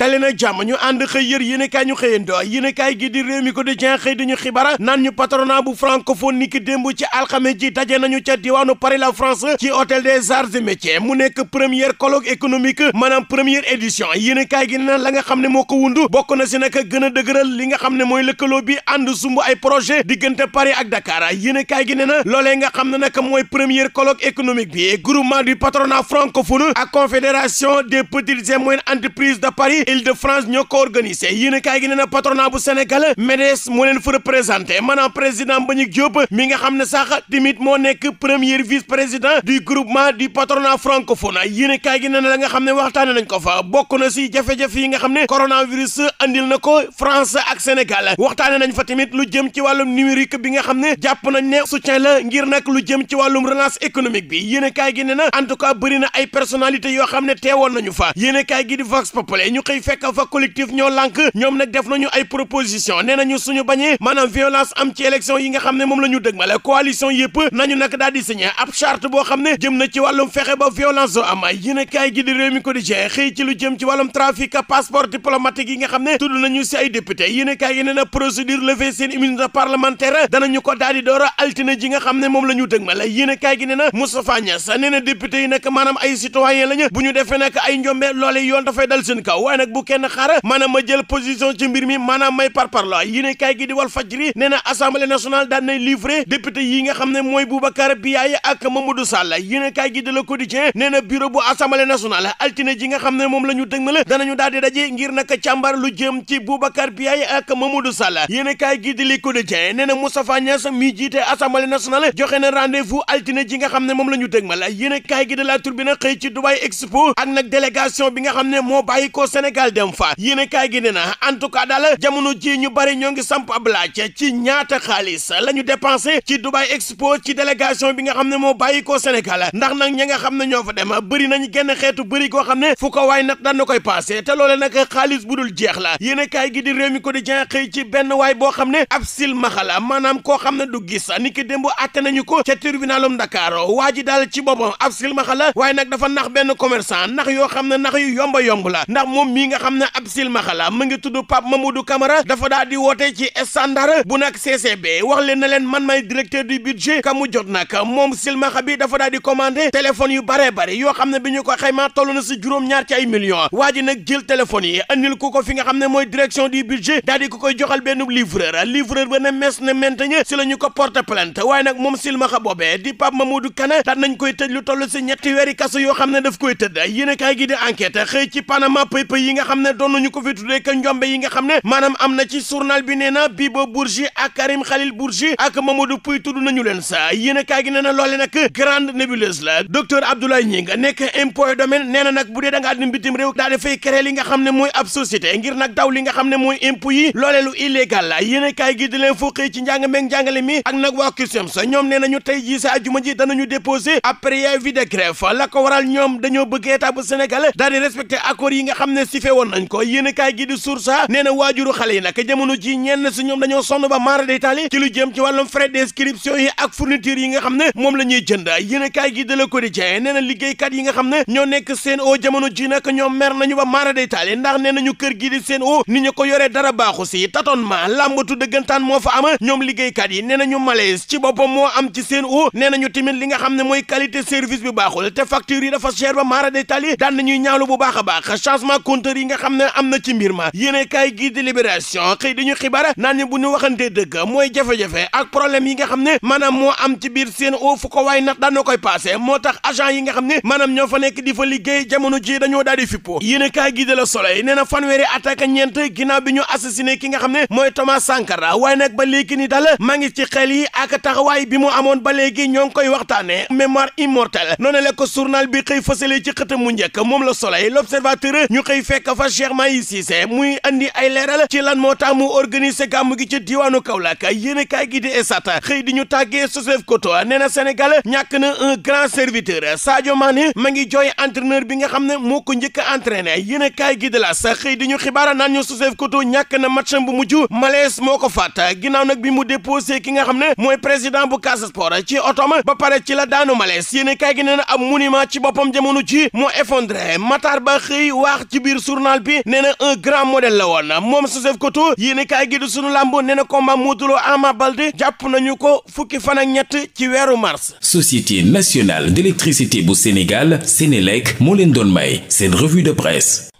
dale na jàmm ñu ànd xëy yër yéenekaay ñu xëyandoo yéenekaay gi di réew mi ko di jen xëy di ñu xibaar naan ñu patronat bu francophone ni démb ci alxames ji daje nañu ca diwaanu Paris la France ci hôtel des arts et métiers mu nekk première colloque économique maanaam première édition yéenekaay gi na la nga xam ne moo ko wundu bokk na si nag gën a li nga xam ne mooy lëkkaloo bi ànd sumb ay projet diggante Paris ak Dakar yéenekaay gi ne na loolee nga xam ne nag mooy première colloque économique bi groupement du patronat francophone ak confédération des petites et moyennes entreprises de Paris Île-de-France ñoo ko organisé yéenekaay gi nee na patronat bu Sénégal MEDES moo leen fa représenté maanaam président Mbagnick Diop mi nga xam ne sax tamit moo nekk premier vice président du groupement du patronat francophone yéenekaay gi nee na la nga xam ne waxtaane nañ ko fa bokk na si jafe-jafe yi nga xam ne coronavirus andil na ko France ak Sénégal waxtaane nañ fa tamit lu jëm ci wàllum numérique bi nga xam ne jàpp nañ ne soutien la ngir nag lu jëm bi yéenekaay gi nee na en tout ay personnalité yoo xëy fekk fa collectif ñoo lànk ñoom nag def nañu ay proposition nee nañu suñu bañee maanaam violence am ci élection yi nga xam ne moom la ñu dëgmale coalition yëpp nañu nag daal di signé ab charte boo xam ne jëm na ci wàllum fexe ba violence doo am yéen kaay gi di réew mi ko di ne tudd nañu si ay député yéen kaay gi nee na procédure levée seen ko daal di door a nga xam ne moom la ñu dëgmale yéen kaay gi nee na Moustapha Niass nee na député yi nag maanaam ay citoyen lañu bu ñu defee nag ay njombe loole yoon dafay dal seen kaw waaye nag nag bu kenn xaar maanaam ma jël position ci mbir mi maanaam may parparloo yéene kaay gi di Walf Fadjri nee na assemblée nationale yi nga xam ne mooy Boubacar Biaye ak Mamadou Sall yéene kaay gi di Le Quotidien nee na bu assemblée nationale altine ji nga xam ne moom la ñu dëgmal danañu daal di daje ngir nag càmbar lu jëm ci Boubacar Biaye ak Mamadou Sall yéene kaay gi di Le Quotidien nee na Moustapha Niass mi jiite assemblée nationale joxe na rendez-vous altine moom la ñu dëgmal yéene kaay gi bi nga xam ne moo bàyyi ko Sénégal Sénégal dem fa yéen kaay gi ne na en tout cas daal jamono ji ñu bari ñoo ngi samp ab laaj ci ñaata xaalis la ñu dépensé ci Dubai Expo ci délégation bi nga xam ne moo bàyyi ko Sénégal ndax nag ña nga xam ne ñoo fa dem bëri nañ genn xeetu bëri koo xam ne fu ko waay nag daan na koy passé te loole nag xaalis bu dul jeex la yéen kaay gi di réew ko di jen xëy ci benn waay boo xam ne ab silmaxa la maanaam koo xam ne du gis ni ki démb àtte nañu ko ca tribunalum Dakar waa ji daal ci boppam ab silmaxa la waaye nag dafa nax benn commerçant nax yoo xam ne nax yu yomba yomb la ndax mii nga xam ne ab silmaxa la mu ngi tudd Pape Mamadou Camara dafa daa di woote ci standard bu nag CCB wax leen na leen man may directeur di budget ka jot nag moom silmaxa bi dafa daa di commandé téléphone yu baree bare yoo xam ne bi ñu ko xaymaa toll na si juróom-ñaar ci ay millions waa ji nag jël téléphone yi andil ko ko fi nga xam ne mooy direction du budget daal ko koy joxal benn livreur livreur ba ne mes ne mentañe si la ko porte plainte waaye nag moom silmaxa boobee di Pape nañ koy lu toll si ñetti weeri kaso yoo xam ne daf koy tëdd yéen a kaay gi di enquête xëy ci Panama Papers nga xam ne doon nañu ko fi tuddee ka njombe yi nga xam ne maanaam am na ci journal bi nee na Bibo ak Karim Khalil Bourgi ak Mamadou Pouy tudd nañu leen sa yéen kaay gi loole nag grande nébuleuse la docteur Abdoulaye Gningue nekk impôt domaine nee nag bu dee da ngaa dem bitim réew daa dafay créer li nga xam ne mooy ab société ngir nag daw li nga xam ne mooy impôt loole lu illégal la yéen kaay di leen fukkee ci njàng meeg njàngale mi ak nag waa rectifié woon nañ ko yéen a kaay gi di source nee na waajuru xale yi nag jamono ji ñenn si ñoom dañoo sonn ba maara détaali ci lu jëm ci wàllum frais d'inscription yi ak fourniture yi nga xam ne moom la ñuy jënd yéen a kaay gi de Le Quotidien nee liggéey liggéeykat yi nga xam ne ñoo nekk seen o jamono ji nag ñoom mer nañu ba maara détaali ndax nee nañu kër gi di seen o ni ñu ko yoree dara baaxu si tâtonnement làmbatu dëggantaan moo fa am ñoom liggéeykat yi nee nañu malaise ci boppam moo am ci seen o nee nañu tamit li nga xam ne mooy qualité service bi baaxul te facture yi dafa cher ba maara détaali daan nañuy ñaawlu bu baax a baax changement facteurs yi nga xam ne am na ci mbir ma yéene kaay gii di libération xëy dañu xibaar naan ñu bu ñu waxantee dëgg mooy jafe-jafe ak problème yi nga xam ne maanaam moo am ci biir seen o fu ko waay nag daan koy passé moo tax agent yi nga xam ne maanaam ñoo fa nekk di fa liggéey jamono ji dañoo daal di fippo yéene kaay gii di la soleil nee na fanweeri attaque ñeent ginnaaw bi ñu assassiné ki nga xam ne mooy Thomas Sankara waaye nag ba léegi ni dal maa ngi ci xel yi ak taxawaay bi mu amoon ba léegi ñoo ngi koy waxtaane mémoire immortelle noonu la ko journal bi xëy fësale ci xëtam mu njëkk moom la soleil l'observateur fekk fa Cheikh Mahi Cissé muy andi ay leeral ci lan moo tax mu organiser gi ci diwaanu Kaolack yéen kaay gi di esat xëy di ñu tàggee Joseph Koto nee na Sénégal ñàkk na un grand serviteur Sadio Mané ma ngi jooy entraîneur bi nga xam ne moo ko njëkk a entraîné yéen kaay gi di la sax xëy di ñu xibaar naan ñu Joseph Koto ñàkk na matcham bu mujj malaise moo ko faat ginnaaw nag bi mu déposé ki nga xam ne mooy président bu Casa Sport ci otom ba pare ci la daanu malaise yéen kaay gi nee na ab monument ci boppam journal bi nee na un grand modèle la woon moom Joseph Koto yéen kaay gi du sunu làmb nee na combat Modou Lo Ama Baldé jàpp nañu ko fukki fan ak ñett ci weeru mars. Société nationale d'électricité bu Sénégal Sénélec moo leen doon may seen revue de presse.